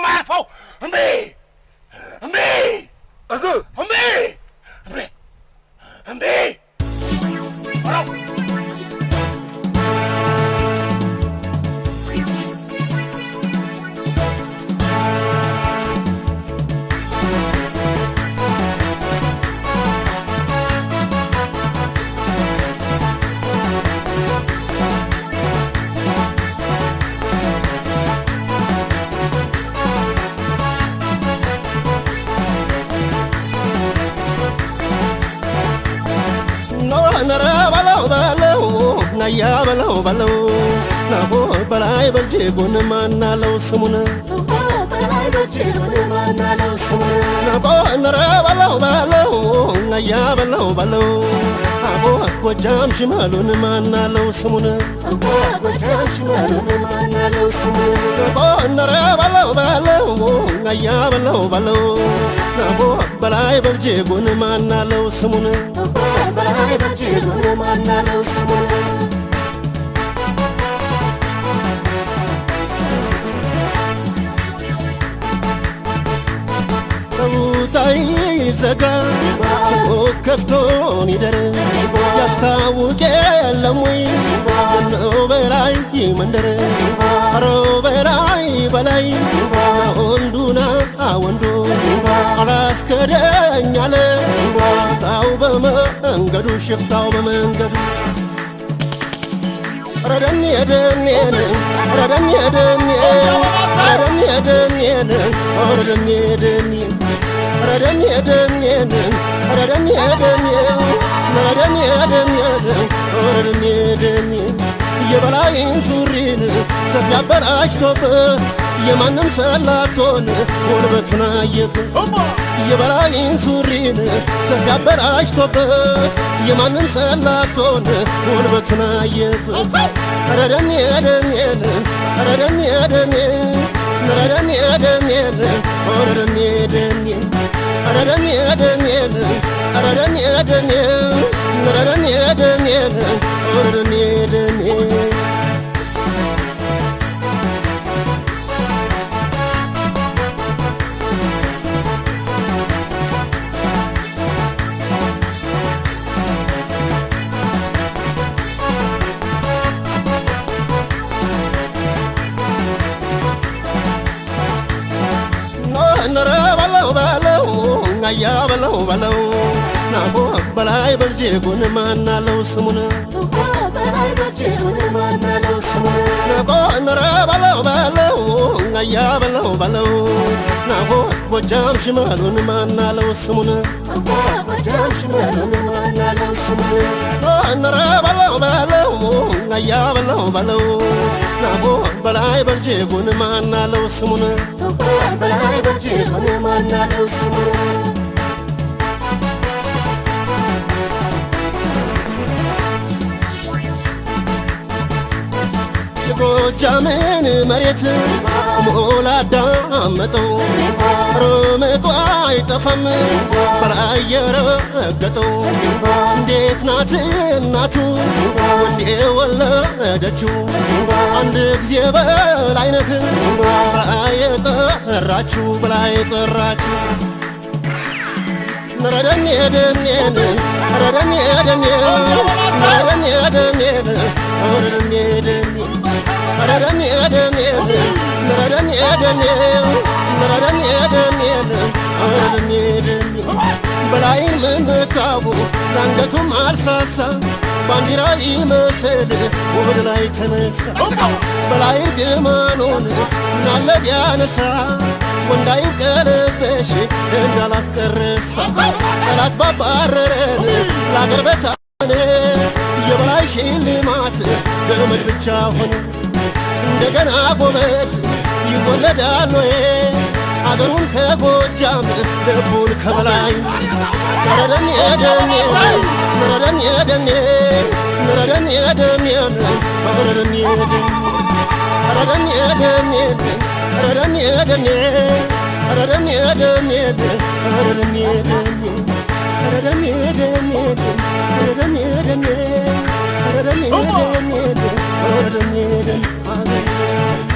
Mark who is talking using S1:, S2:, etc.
S1: my for Me.
S2: ኧረ በለው በለው ናያ በለው በለው ናቦ በላይ በልጄ ጎን ማናለው ስሙን ናቦ ነረ በለው በለው ናያ በለው በለው አቦ ጎጃም ሽማሉን ማናለው ስሙን ናቦ ነረ በለው በለው ናያ በለው በለው ናቦ በላይ በልጄ ጎን ማናለው ስሙን
S3: አይበጅሉን ማናነው ስሙ
S2: ይዘጋ ትሞት ከፍቶን ይደር ያስታውቅ የለም ወይ ነው በላይ መንደር አሮ በላይ በላይ ወንዱና ወንዱ አላስከደኛለ መንገዱ ሽፍታው በመንገዱ ረደን የደኔን ረደን የደኔን ረደን የደኔን ረደን የደኔን ረደን የደኔን ረደን የደኔን ረደን የደኔን ረደን የደኔን የበላይን ሱሪን ሰፊ አበላሽቶብህ የማንም ሰላቶን ጉልበቱን አየብህ የበላይን ሱሪን ሰፊ አበላሽቶበት የማንም ሰላቶን ጉልበቱን አየብህ ኧረ ደሜ ደሜን ኧረ ደሜ ደሜን ኧረ ደሜ ደሜን ኧረ ደሜ ደሜን ኧረ ደሜ ደሜን ኧረ ደሜ ደሜን ኧረ ደሜ ደሜን ኧረ ደሜ ራያ በለው በለው ናሆ በላይ በርጄጉን ማናለው ስሙን ናቆ ነረ በለው በለው አያ በለው በለው ናሆ ጎጃም ሽመሉን ማናለው ስሙን ነረ በለው በለው አያ በለው በለው ናሆ በላይ ጎን ማናለው ስሙን
S3: በላይ በርጄጉን ማናለው ስሙን
S2: ጎጃምን መሬት ሞላዳ አመጠው ርምጧ አይጠፋም በላይ የረገጠው እንዴት ናት እናቱ ወንዴ ወለደችው አንድ ጊዜ በላይ በላይ የጠራችሁ በላይ የጠራችሁ ረደን ደን ረደን ደን ረደን ደን ረደን ምረረን ያደንል ምረረን ያደንል ምረረን ያደንል ምረረን በላይ ምንካቡ ዳንገቱም አልሳሳ ባንዲራ ይመስል ወደ ላይ ተነሳ በላይ ግማኖን ምናለ ቢያነሳ ወንዳይ ቀለበሽ እንዳላት ቀረሳ ጠላት ባባረረን ለአገር በታነ የበላይ ሽልማት ገመድ ብቻ ሆነ እንደገና ጎበዝ ይወለዳል አገሩን ከጎጃም ደቡን ከበላይ መረደን የደሜ መረደን የደሜ መረደን የደሜ መረደን የደሜ Anne, Anne, Anne,